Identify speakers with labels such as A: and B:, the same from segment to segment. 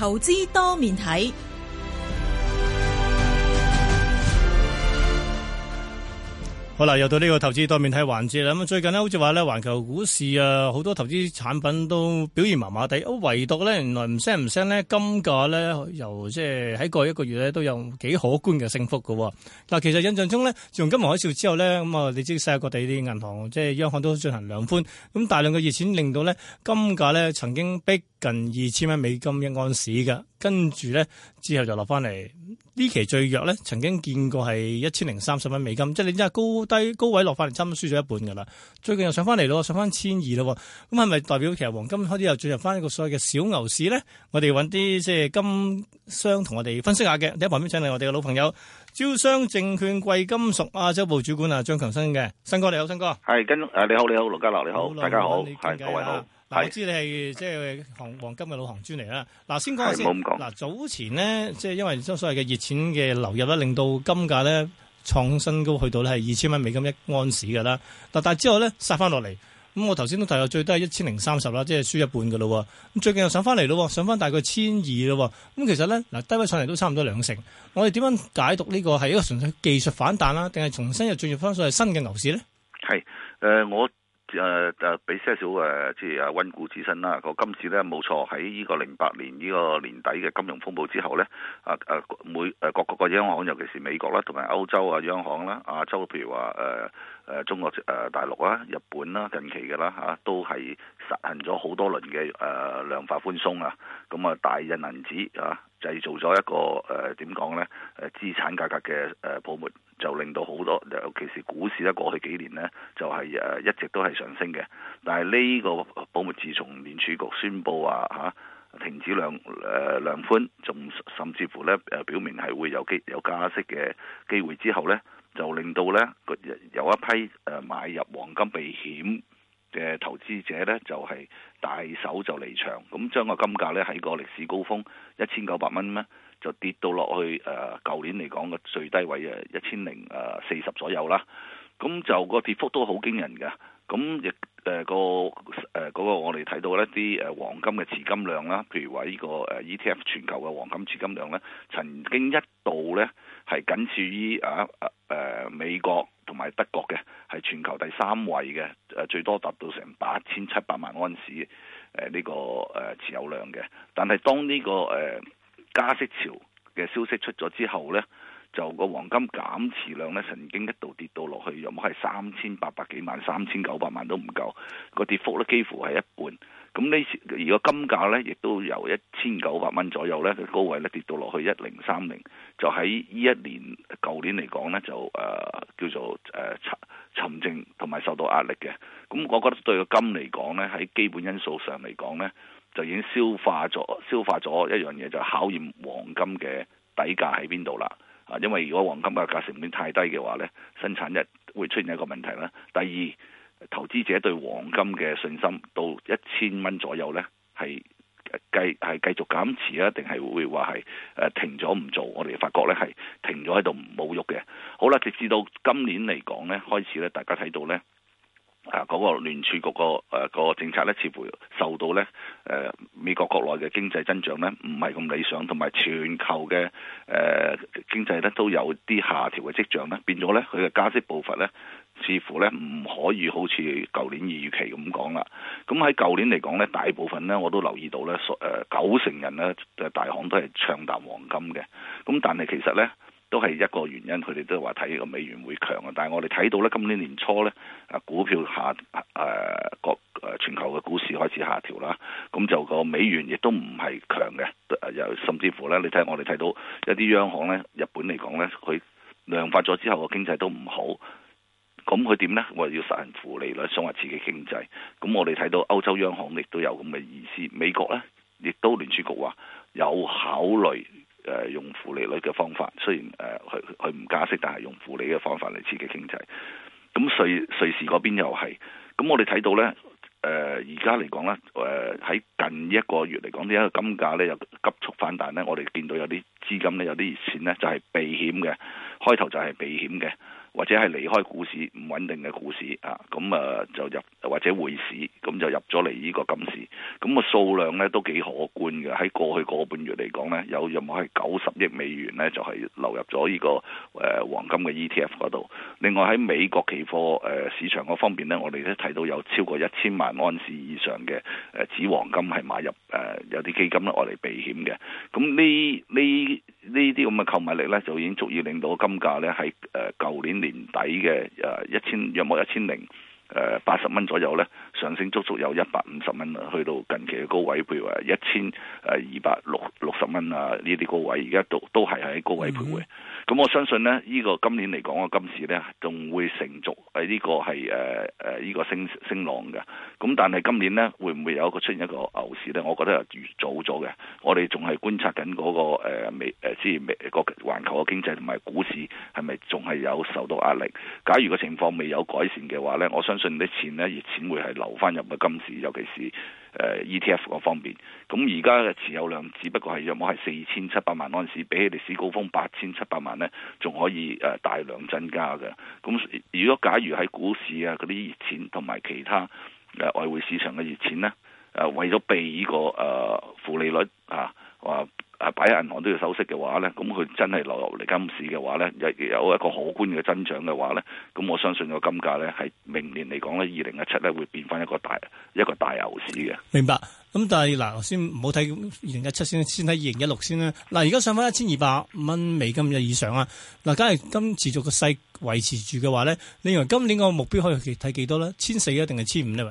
A: 投資多
B: 面睇，好啦，又到呢個投資多面睇環節啦。咁啊，最近咧，好似話咧，環球股市啊，好多投資產品都表現麻麻地。唯獨呢，原來唔聲唔聲呢，金價呢，由即係喺過去一個月呢都有幾可觀嘅升幅嘅。嗱，其實印象中呢，自從金融海嘯之後呢，咁啊，你知世界各地啲銀行，即係央行都進行量寬，咁大量嘅熱錢令到呢，金價呢曾經逼。近二千蚊美金一盎司嘅，跟住咧之後就落翻嚟。呢期最弱咧，曾經見過係一千零三十蚊美金，即係你真係高低高位落翻嚟，差唔多輸咗一半噶啦。最近又上翻嚟咯，上翻千二咯。咁係咪代表其實黃金開始又進入翻一個所謂嘅小牛市咧？我哋揾啲即係金商同我哋分析下嘅。你喺旁邊請嚟我哋嘅老朋友，招商證券貴金屬亞洲部主管啊張強生嘅，新哥你好，新哥。係跟誒你好你好羅家樂你好，大家好係你近 各位好。是我知你係即係行黃金嘅老行尊嚟啦。嗱，先講下先。嗱，早前呢，即係因為所謂嘅熱錢嘅流入咧，令到金價咧創新高，去到咧係二千蚊美金一盎司噶啦。嗱，但係之後咧，殺翻落嚟。咁我頭先都睇到最低係一千零三十啦，即係輸一半噶啦。咁最近又上翻嚟咯，上翻大概千二咯。咁其實咧，嗱，低位上嚟都差唔多兩成。我哋點樣解讀呢個係一個純粹技術反彈啦，定係重新又進入翻所謂新嘅牛市咧？
A: 係，誒、呃，我。誒誒，俾，啊，些少誒，即係誒溫故知新啦。個今次咧冇錯，喺呢個零八年呢，呢個年底嘅金融風暴之後咧，啊啊每誒各國嘅央行，尤其是美國啦，同埋歐洲啊央行啦，亞洲譬如話誒誒中國誒大陸啦，日本啦，近期嘅啦嚇，都係實行咗好多輪嘅誒量化寬鬆啊，咁啊大印銀紙啊，製造咗一個誒點講咧誒資產價格嘅誒泡沫。就令到好多，尤其是股市咧，過去幾年咧，就係、是、誒一直都係上升嘅。但係呢個保密，自從聯儲局宣布啊吓停止量誒、呃、量寬仲甚至乎咧誒、呃、表明係會有機有加息嘅機會之後咧，就令到咧有一批誒買入黃金避險嘅投資者咧，就係、是、大手就離場，咁將個金價咧喺個歷史高峰一千九百蚊咧。1, 就跌到落去誒，舊、呃、年嚟講嘅最低位誒一千零誒四十左右啦。咁就個跌幅都好驚人嘅。咁亦誒個誒嗰、呃嗰個、我哋睇到一啲誒黃金嘅持金量啦，譬如話呢個誒 E T F 全球嘅黃金持金量咧，曾經一度咧係僅次於啊誒、啊啊、美國同埋德國嘅，係全球第三位嘅誒，最多達到成八千七百萬安士誒呢個誒、啊、持有量嘅。但係當呢、呢個誒。啊加息潮嘅消息出咗之後，呢。就個黃金減持量咧，曾經一度跌到落去，又冇係三千八百幾萬、三千九百萬都唔夠。個跌幅咧，幾乎係一半。咁呢而個金價咧，亦都由一千九百蚊左右咧佢高位咧跌到落去 30, 一零三零。就喺呢一年舊年嚟講咧，就、呃、誒叫做誒、呃、沉沉靜同埋受到壓力嘅。咁我覺得對個金嚟講咧，喺基本因素上嚟講咧，就已經消化咗消化咗一樣嘢，就是、考驗黃金嘅底價喺邊度啦。啊，因為如果黃金嘅價成本太低嘅話呢，生產日會出現一個問題啦。第二，投資者對黃金嘅信心到一千蚊左右呢，係繼係繼續減持啊，定係會話係誒停咗唔做？我哋發覺呢係停咗喺度冇郁嘅。好啦，直至到今年嚟講呢，開始呢，大家睇到呢。啊！嗰、那個聯儲局個誒、呃那個政策咧，似乎受到咧誒、呃、美國國內嘅經濟增長咧，唔係咁理想，同埋全球嘅誒、呃、經濟咧都有啲下調嘅跡象咧，變咗咧佢嘅加息步伐咧，似乎咧唔可以好似舊年預期咁講啦。咁喺舊年嚟講咧，大部分咧我都留意到咧，誒、呃、九成人咧嘅大行都係唱淡黃金嘅。咁但係其實咧。都係一個原因，佢哋都話睇個美元會強嘅。但係我哋睇到咧，今年年初咧，啊股票下誒、呃、各誒全球嘅股市開始下調啦，咁就個美元亦都唔係強嘅，又、呃、甚至乎咧，你睇下我哋睇到一啲央行咧，日本嚟講咧，佢量化咗之後個經濟都唔好，咁佢點咧？我哋要實行負利率，想話自己經濟。咁我哋睇到歐洲央行亦都有咁嘅意思，美國咧亦都聯儲局話有考慮。誒用負利率嘅方法，雖然誒佢佢唔加息，但係用負利率嘅方法嚟刺激經濟。咁瑞瑞士嗰邊又係，咁我哋睇到咧，誒而家嚟講咧，誒喺、呃、近一個月嚟講，呢一個金價咧又急速反彈咧，我哋見到有啲資金咧有啲熱錢咧就係、是、避險嘅，開頭就係避險嘅。或者係離開股市，唔穩定嘅股市啊，咁、啊、誒就入或者匯市，咁、啊、就入咗嚟呢個金市，咁、啊、個數量咧都幾可觀嘅。喺過去個半月嚟講呢，有任何係九十億美元呢，就係、是、流入咗呢、這個誒、呃、黃金嘅 ETF 嗰度。另外喺美國期貨誒、呃、市場嗰方面呢，我哋都睇到有超過一千萬安士以上嘅誒紙黃金係買入誒、呃、有啲基金啦，愛嚟避險嘅。咁呢呢。呢啲咁嘅購物力呢，就已經足以令到金價呢，喺誒舊年年底嘅誒一千，約莫一千零八十蚊左右呢，上升足足有一百五十蚊啦，去到近期嘅高位，譬如話一千誒二百六六十蚊啊，呢啲高位而家都都係喺高位徘徊。咁我相信呢，呢、這個今年嚟講嘅金市呢仲會成續喺呢個係誒誒依個升升浪嘅。咁但係今年呢，會唔會有一個出現一個牛市呢？我覺得係越早咗嘅。我哋仲係觀察緊嗰、那個誒美誒，即係美國環球嘅經濟同埋股市係咪仲係有受到壓力？假如個情況未有改善嘅話呢，我相信啲錢呢，熱錢會係流翻入嘅金市，尤其是。誒、呃、ETF 嗰方面，咁而家嘅持有量只不過係有冇係四千七百萬安士，比起歷史高峰八千七百萬呢，仲可以誒、呃、大量增加嘅。咁、嗯、如果假如喺股市啊嗰啲熱錢，同埋其他誒、呃、外匯市場嘅熱錢呢，誒、呃、為咗避呢、這個誒、呃、負利率啊，話。啊！擺喺銀行都要收息嘅話咧，咁佢真係流入嚟金市嘅話咧，又有一個可觀嘅增長嘅話咧，咁我相信個金價咧係明年嚟講咧，二零一七咧會變翻一個大一個
B: 大牛市嘅。明白。咁但係嗱，先唔好睇二零一七先，先睇二零一六先啦。嗱，而家上翻一千二百蚊美金嘅以上啊。嗱，假如今持續個勢維持住嘅話咧，你認為今年個目標可以睇幾多咧？千四一定係千五呢？喂。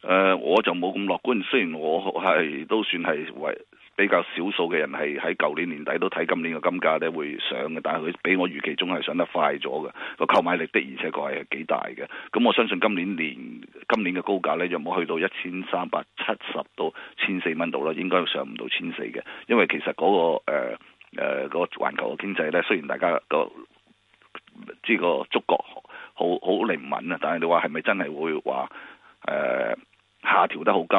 A: 誒、呃，我就冇咁樂觀。雖然我係都算係為。比較少數嘅人係喺舊年年底都睇今年嘅金價咧會上嘅，但係佢比我預期中係上得快咗嘅個購買力的，確的，而且確係幾大嘅。咁我相信今年年今年嘅高價咧有冇去到一千三百七十到千四蚊度啦？應該上唔到千四嘅，因為其實嗰、那個誒誒、呃呃那個環球嘅經濟咧，雖然大家、那個即係、這個觸覺好好靈敏啊，但係你話係咪真係會話誒、呃、下調得好急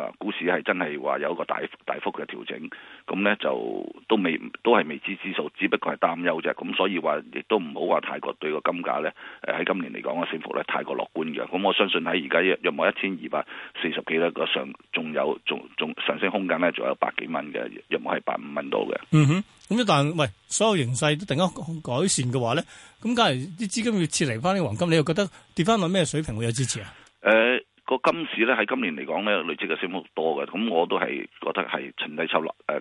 A: 啊？股市係真係話有一個大幅嘅調整，咁咧就都未都係未知之數，只不過係擔憂啫。咁所以話亦都唔好話太過對個金價咧，誒喺今年嚟講個升幅咧太過樂觀嘅。咁我相信喺而家若冇一千二百四十幾咧，個上仲有仲仲上升空間咧，仲有百幾蚊嘅，若冇係百五蚊到嘅。嗯
B: 哼，咁一但喂，所有形勢都突然間改善嘅話咧，咁假如啲資金要撤離翻啲黃金，你又覺得跌翻落咩水平會有支持啊？誒。
A: 個金市咧喺今年嚟講咧累積嘅升幅多嘅，咁我都係覺得係趁低吸納，誒、呃、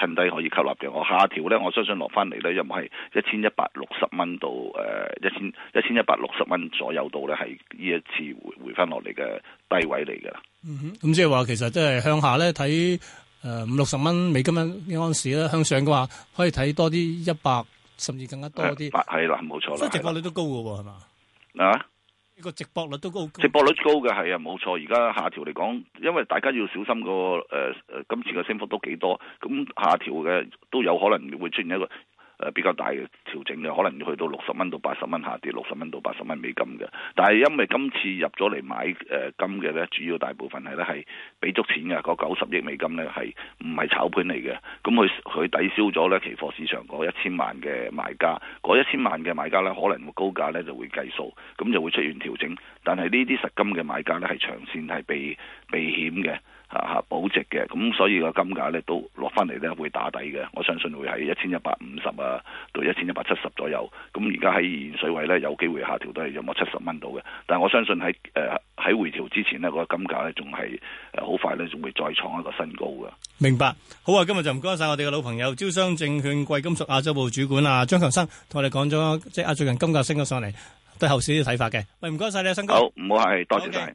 A: 趁低可以吸納嘅。我下調咧，我相信落翻嚟咧又唔係一千一百六十蚊到，誒一千一千一百六十蚊左右度咧，係、呃、呢一次回翻落嚟嘅低位嚟嘅。嗯哼，
B: 咁、嗯、即係話其實即係向下咧睇誒五六十蚊美金盎司咧，向上嘅話可以睇多啲一百甚至更加多啲。百係啦，冇錯啦，即係折價率都高嘅係嘛？嗯、啊？呢個直播率都
A: 高，高，直播率高嘅係啊，冇錯。而家下調嚟講，因為大家要小心個誒誒、呃呃，今次嘅升幅都幾多，咁、嗯、下調嘅都有可能會出現一個誒、呃、比較大嘅。調整嘅可能要去到六十蚊到八十蚊下跌，六十蚊到八十蚊美金嘅。但係因為今次入咗嚟買誒、呃、金嘅咧，主要大部分係咧係俾足錢嘅，嗰九十億美金咧係唔係炒盤嚟嘅。咁佢佢抵消咗咧期貨市場嗰一千萬嘅賣家，嗰一千萬嘅賣家咧可能會高價咧就會計數，咁就會出現調整。但係呢啲實金嘅買家咧係長線係避避險嘅，吓、啊、吓保值嘅。咁所以個金價咧都落翻嚟咧會打底嘅，我相信會係一千一百五十啊到一千一百。七十左右，咁而家喺現水位咧，有機會下調都係有冇七十蚊到嘅。但係我相信喺誒喺回調之前咧，個金價咧仲係誒好快咧，仲會再創一個新高嘅。
B: 明白，好啊！今日就唔該晒我哋嘅老朋友，招商證券貴金屬亞洲部主管啊張強生同我哋講咗，即係啊最近金價升咗上嚟，對後市啲睇法嘅。喂，唔該晒你啊，生哥。好，唔好客氣，多謝晒 Okay.。